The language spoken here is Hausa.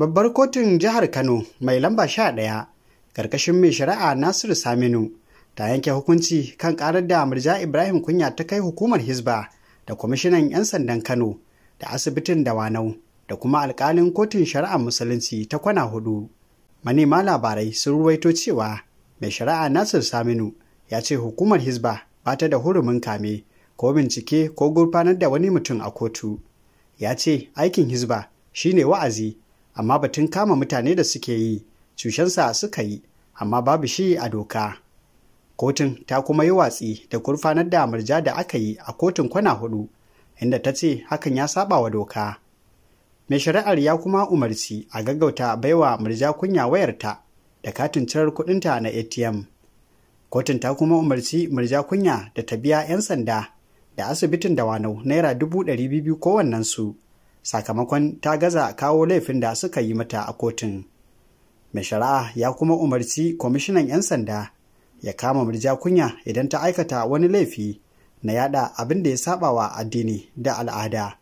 babbar kotun jihar kano mai lamba sha ɗaya ƙarƙashin mai shari'a nasiru saminu ta yanke hukunci kan ƙarar da murja ibrahim kunya ta kai hukumar hisba da kwamishinan 'yan sandan kano da asibitin dawanau da kuma alkalin kotun shari'ar musulunci ta kwana hudu manema labarai sun ruwaito cewa mai shari'a Nasiru saminu ya ce hukumar hisba ba ta da hurumin kame ko bincike ko gurfanar da wani mutum a kotu ya ce aikin hisba shine wa'azi amma batun kama mutane da suke yi cushensa suka yi amma babu shi a doka kotun ta kuma yi watsi da kurfanar da amurja da aka yi a kotun kwana hudu inda ta ce hakan ya saba wa doka mai shari'ar ya kuma umarci a gaggauta baiwa murja kunya wayarta da katin cirar kudinta na atm kotun ta kuma umarci murja kunya da ta biya 'yan sanda da asibitin da naira dubu ɗari biyu kowannensu su sakamakon ta gaza kawo laifin da suka yi mata a kotun. Mai shari'a ya kuma umarci kwamishinan 'yan sanda ya kama murja kunya idan ta aikata wani laifi na yada abin da ya wa addini da al'ada